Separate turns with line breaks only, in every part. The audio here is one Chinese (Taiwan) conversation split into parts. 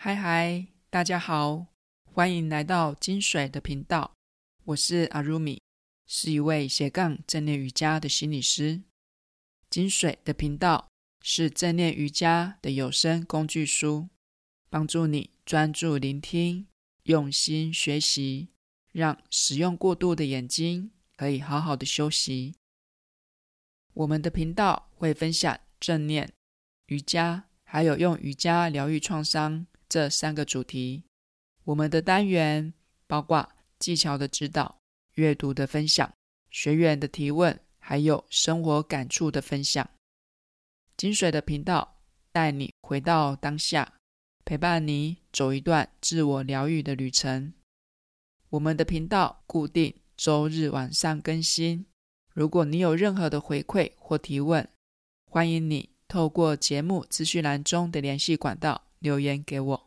嗨嗨，大家好，歡迎來到金水的頻道。我是阿如米，是一位斜槓正念瑜伽的心理師。金水的頻道是正念瑜伽的有聲工具書，幫助你專注聆聽、用心學習，讓使用過度的眼睛可以好好的休息。我們的頻道會分享正念瑜伽，還有用瑜伽療癒創傷。這三個主題，我們的單元包括技巧的指導、閱讀的分享、學員的提問，還有生活感觸的分享。金水的頻道帶你回到當下，陪伴你走一段自我療癒的旅程。我們的頻道固定周日晚上更新。如果你有任何的回饋或提問，歡迎你透過節目資訊欄中的聯繫管道。留言給我。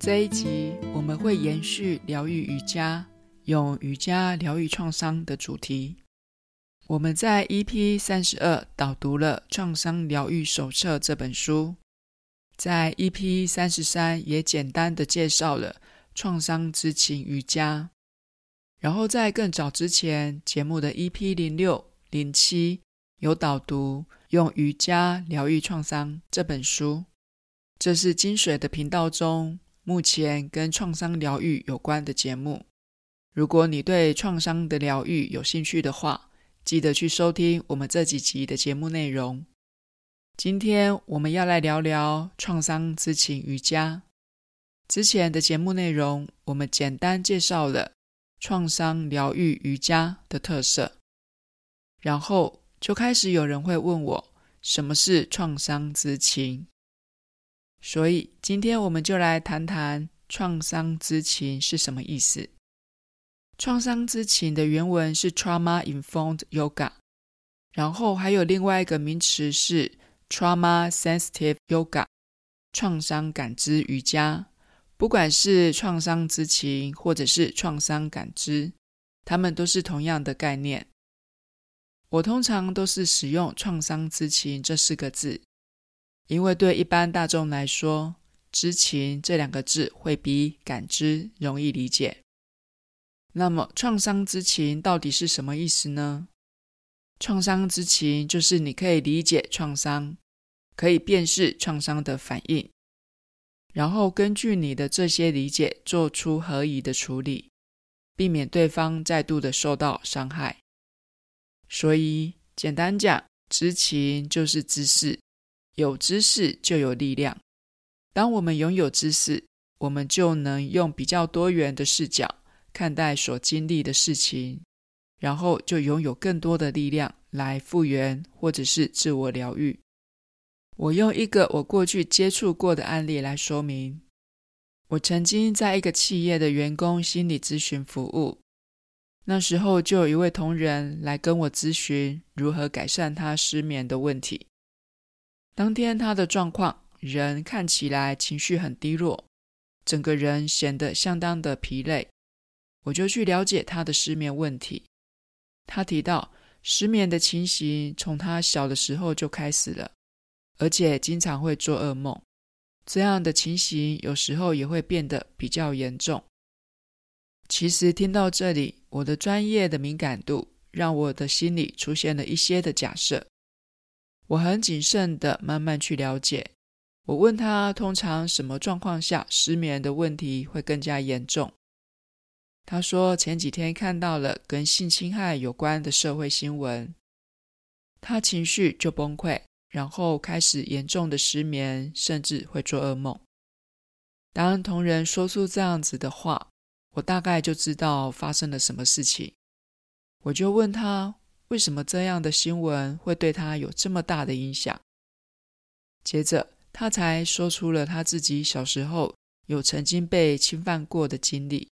這一集我們會延續療癒瑜伽、用瑜伽療癒創傷的主題。我們在 EP 三十二導讀了《創傷療癒手冊》這本書。在 EP 三十三也簡單的介紹了創傷知情瑜伽，然後在更早之前，節目的 EP 零六零七有導讀《用瑜伽療癒創傷》這本書。這是金水的頻道中目前跟創傷療癒有關的節目。如果你對創傷的療癒有興趣的話，記得去收聽我們這幾集的節目內容。今天我們要來聊聊創傷知情瑜伽。之前的節目內容，我們簡單介紹了創傷療癒瑜伽的特色，然後就開始有人會問我，什麼是創傷知情？所以今天我們就來談談創傷知情是什麼意思。創傷知情的原文是 Trauma-Informed Yoga，然後還有另外一個名詞是。Trauma-sensitive yoga，創傷感知瑜伽。不管是創傷知情，或者是創傷感知，它們都是同樣的概念。我通常都是使用“創傷知情”這四個字，因為對一般大眾來說，“知情”這兩個字會比“感知”容易理解。那麼，創傷知情到底是什麼意思呢？創傷知情就是你可以理解創傷。可以辨識創傷的反應，然後根據你的這些理解，做出合宜的處理，避免對方再度的受到傷害。所以，簡單講，知情就是知識，有知識就有力量。當我們擁有知識，我們就能用比較多元的視角看待所經歷的事情，然後就擁有更多的力量來復原，或者是自我療癒。我用一個我過去接觸過的案例來說明。我曾經在一個企業的員工心理諮詢服務，那時候就有一位同仁來跟我諮詢如何改善他失眠的問題。當天他的狀況，人看起來情緒很低落，整個人顯得相當的疲累。我就去了解他的失眠問題。他提到失眠的情形從他小的時候就開始了。而且經常會做噩夢，這樣的情形有時候也會變得比較嚴重。其實聽到這裡，我的專業的敏感度讓我的心裡出現了一些的假設。我很謹慎的慢慢去了解。我問他，通常什麼狀況下失眠的問題會更加嚴重？他說前幾天看到了跟性侵害有關的社會新聞，他情緒就崩潰。然後開始嚴重的失眠，甚至會做噩夢。當同仁說出這樣子的話，我大概就知道發生了什麼事情。我就問他，為什麼這樣的新聞會對他有這麼大的影響？接着，他才說出了他自己小時候有曾經被侵犯過的經歷。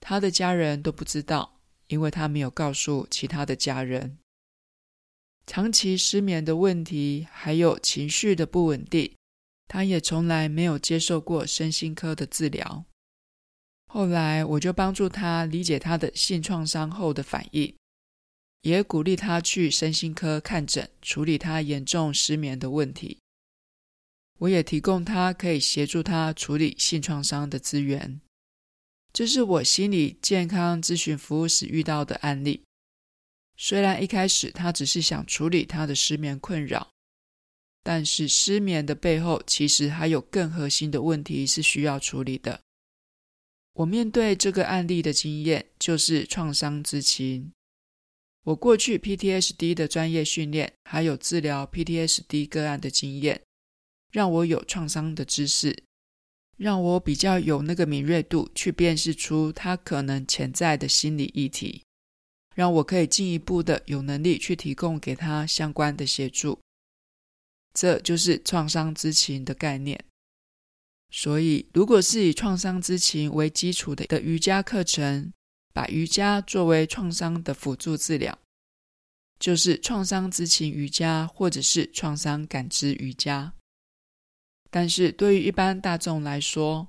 他的家人都不知道，因為他沒有告訴其他的家人。長期失眠的問題，還有情緒的不穩定，他也從來沒有接受過身心科的治療。後來，我就幫助他理解他的性創傷後的反應，也鼓勵他去身心科看診，處理他嚴重失眠的問題。我也提供他可以協助他處理性創傷的資源。這是我心理健康諮詢服務時遇到的案例。雖然一開始他只是想處理他的失眠困擾，但是失眠的背後其實還有更核心的問題是需要處理的。我面對這個案例的經驗就是創傷知情。我過去 PTSD 的專業訓練，還有治療 PTSD 個案的經驗，讓我有創傷的知識，讓我比較有那個敏銳度去辨識出他可能潛在的心理議題。讓我可以進一步的有能力去提供給他相關的協助，這就是創傷知情的概念。所以，如果是以創傷知情為基礎的一個瑜伽課程，把瑜伽作為創傷的輔助治療，就是創傷知情瑜伽，或者是創傷感知瑜伽。但是對於一般大眾來說，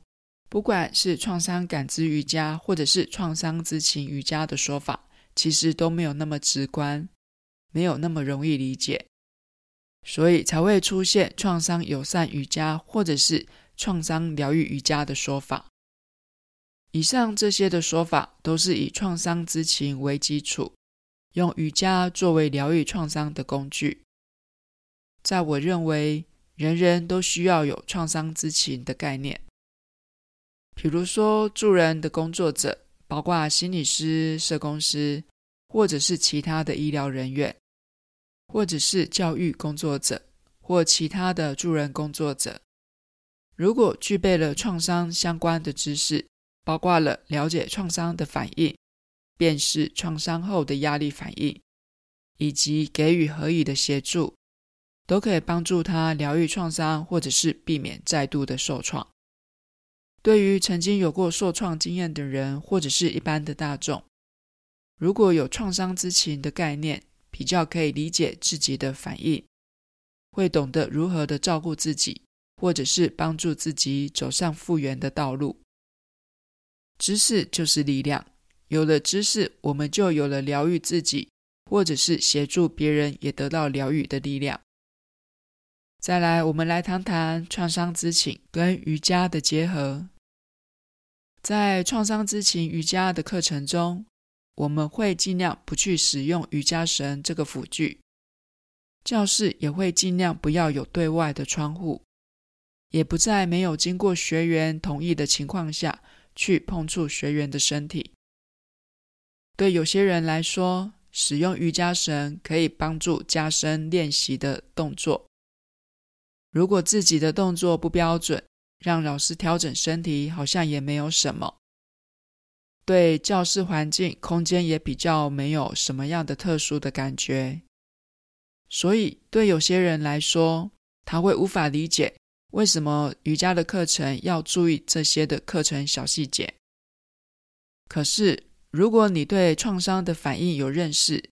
不管是創傷感知瑜伽，或者是創傷知情瑜伽的說法，其實都沒有那麼直觀，沒有那麼容易理解，所以才會出現創傷友善瑜伽或者是創傷療癒瑜伽的說法。以上這些的說法都是以創傷知情為基礎，用瑜伽作為療癒創傷的工具。在我認為，人人都需要有創傷知情的概念，比如說助人的工作者。包括心理師、社工師，或者是其他的醫療人員，或者是教育工作者，或其他的助人工作者，如果具備了創傷相關的知識，包括了了解創傷的反應，辨識創傷後的壓力反應，以及給予合理的協助，都可以幫助他療癒創傷，或者是避免再度的受創。對於曾經有過受創經驗的人，或者是一般的大眾，如果有創傷知情的概念，比較可以理解自己的反應，會懂得如何的照顧自己，或者是幫助自己走上復原的道路。知識就是力量，有了知識，我們就有了療癒自己，或者是協助別人也得到療癒的力量。再來，我們來談談創傷知情跟瑜伽的結合。在創傷知情瑜伽的課程中，我們會盡量不去使用瑜伽繩這個輔具。教室也會盡量不要有對外的窗戶，也不在沒有經過學員同意的情況下去碰觸學員的身體。對有些人來說，使用瑜伽繩可以幫助加深練習的動作。如果自己的動作不標準，讓老師調整身體，好像也沒有什麼。對教室環境、空間也比較沒有什麼樣的特殊的感覺。所以，對有些人來說，他會無法理解為什麼瑜伽的課程要注意這些的課程小細節。可是，如果你對創傷的反應有認識，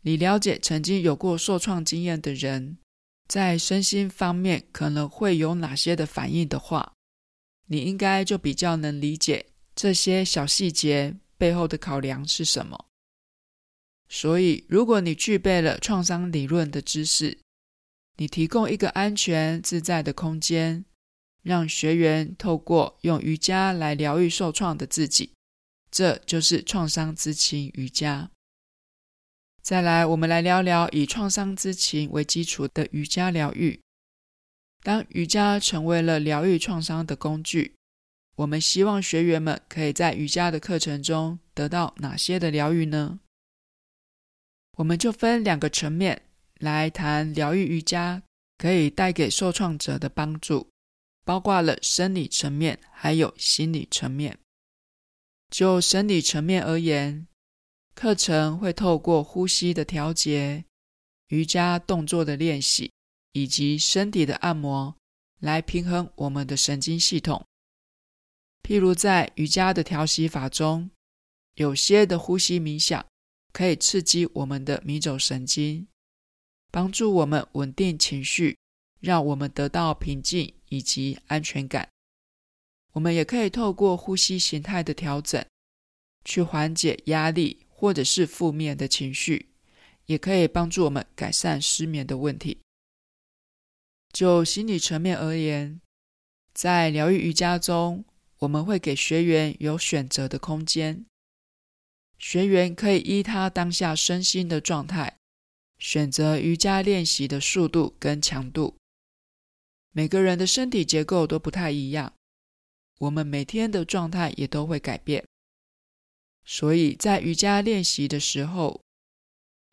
你了解曾經有過受創經驗的人。在身心方面可能會有哪些的反應的話，你應該就比較能理解這些小細節背後的考量是什麼。所以，如果你具備了創傷理論的知識，你提供一個安全自在的空間，讓學員透過用瑜伽來療癒受創的自己，這就是創傷知情瑜伽。再來，我們來聊聊以創傷知情為基礎的瑜伽療癒。當瑜伽成為了療癒創傷的工具，我們希望學員們可以在瑜伽的課程中得到哪些的療癒呢？我們就分兩個層面來談療癒瑜伽可以帶給受創者的幫助，包括了生理層面還有心理層面。就生理層面而言，課程會透過呼吸的調節、瑜伽動作的練習以及身體的按摩來平衡我們的神經系統。譬如在瑜伽的調息法中，有些的呼吸冥想可以刺激我們的迷走神經，幫助我們穩定情緒，讓我們得到平靜以及安全感。我們也可以透過呼吸形態的調整，去緩解壓力。或者是負面的情緒，也可以幫助我們改善失眠的問題。就心理層面而言，在療癒瑜伽中，我們會給學員有選擇的空間。學員可以依他當下身心的狀態，選擇瑜伽練習的速度跟強度。每個人的身體結構都不太一樣，我們每天的狀態也都會改變。所以在瑜伽練習的時候，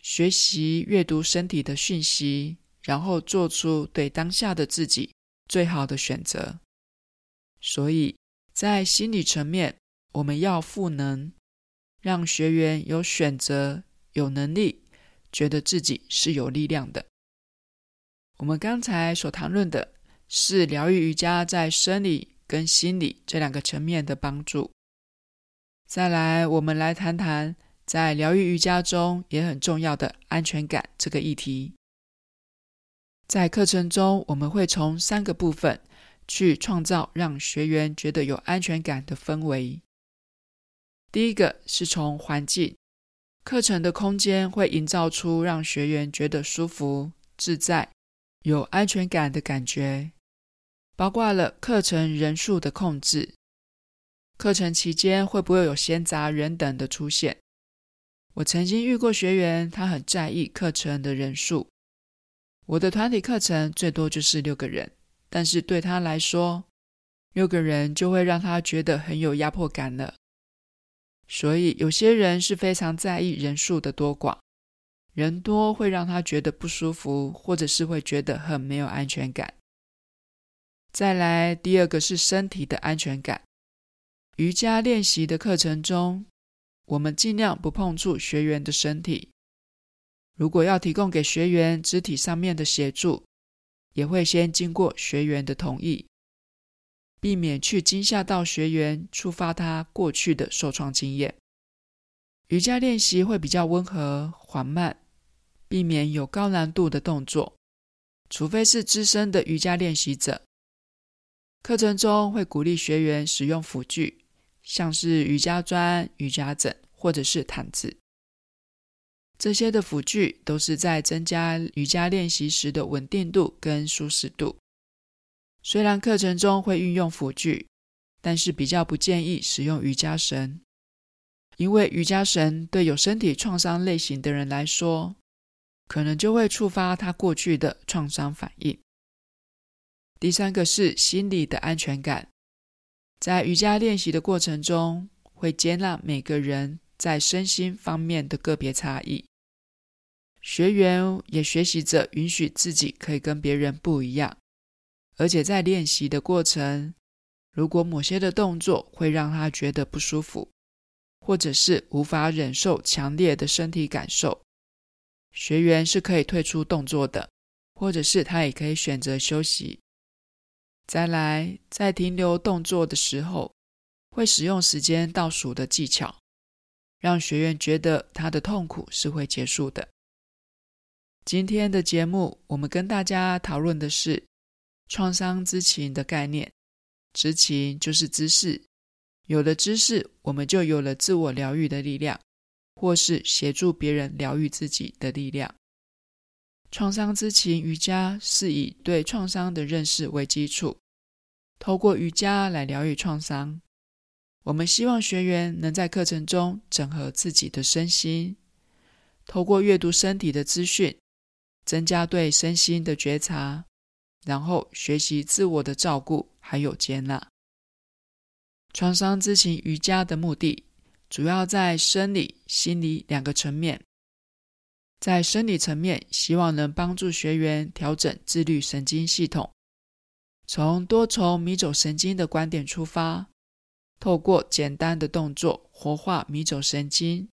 學習閱讀身體的訊息，然後做出對當下的自己最好的選擇。所以，在心理層面，我們要賦能，讓學員有選擇、有能力，覺得自己是有力量的。我們剛才所談論的是療癒瑜伽在生理跟心理這兩個層面的幫助。再來，我們來談談在療癒瑜伽中也很重要的安全感這個議題。在課程中，我們會從三個部分去創造讓學員覺得有安全感的氛圍。第一個是從環境，課程的空間會營造出讓學員覺得舒服、自在、有安全感的感覺，包括了課程人數的控制。課程期間會不會有閒雜人等的出現？我曾經遇過學員，他很在意課程的人數。我的團體課程最多就是六個人，但是對他來說，六個人就會讓他覺得很有壓迫感了。所以有些人是非常在意人數的多寡，人多會讓他覺得不舒服，或者是會覺得很沒有安全感。再來，第二個是身體的安全感。瑜伽練習的課程中，我們儘量不碰觸學員的身體。如果要提供給學員肢體上面的協助，也會先經過學員的同意，避免去驚嚇到學員，觸發他過去的受創經驗。瑜伽練習會比較溫和緩慢，避免有高難度的動作，除非是資深的瑜伽練習者。課程中會鼓勵學員使用輔具。像是瑜伽磚、瑜伽枕或者是毯子，這些的輔具都是在增加瑜伽練習時的穩定度跟舒適度。雖然課程中會運用輔具，但是比較不建議使用瑜伽繩，因為瑜伽繩對有身體創傷類型的人來說，可能就會觸發他過去的創傷反應。第三個是心理的安全感。在瑜伽練習的過程中，會接納每個人在身心方面的個別差異。學員也學習着允許自己可以跟別人不一樣，而且在練習的過程，如果某些的動作會讓他覺得不舒服，或者是無法忍受強烈的身體感受，學員是可以退出動作的，或者是他也可以選擇休息。再來，在停留動作的時候，會使用時間倒數的技巧，讓學員覺得他的痛苦是會結束的。今天的節目，我們跟大家討論的是創傷知情的概念。知情就是知識，有了知識，我們就有了自我療癒的力量，或是協助別人療癒自己的力量。創傷知情瑜伽是以對創傷的認識為基礎，透過瑜伽來療癒創傷。我們希望學員能在課程中整合自己的身心，透過閱讀身體的資訊，增加對身心的覺察，然後學習自我的照顧還有接納。創傷知情瑜伽的目的，主要在生理、心理兩個層面。在生理層面，希望能幫助學員調整自律神經系統，從多重迷走神經的觀點出發，透過簡單的動作活化迷走神經，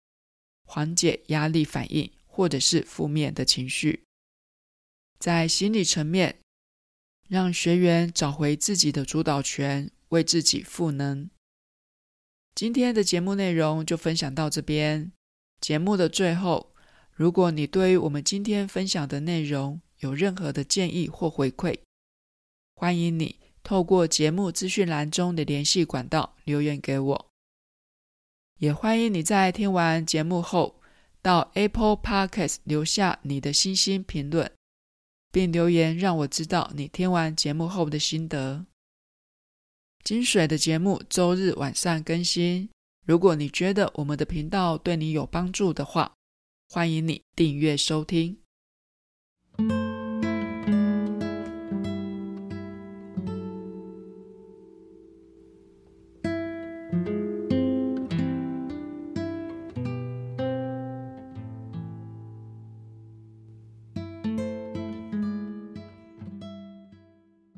緩解壓力反應或者是負面的情緒。在心理層面，讓學員找回自己的主導權，為自己賦能。今天的節目內容就分享到這邊，節目的最後，如果你對於我們今天分享的內容有任何的建議或回饋，歡迎你透過節目資訊欄中的聯繫管道留言給我。也歡迎你在聽完節目後，到 Apple Podcast 留下你的星星評論，並留言讓我知道你聽完節目後的心得。金水的節目週日晚上更新。如果你覺得我們的頻道對你有幫助的話，歡迎你訂閱收聽。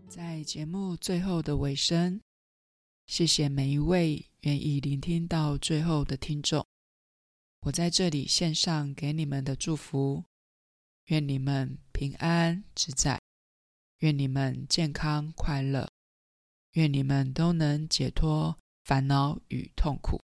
在節目最後的尾聲，謝謝每一位願意聆聽到最後的聽眾。我在這裡獻上給你們的祝福，願你們平安自在，願你們健康快樂，願你們都能解脫煩惱與痛苦。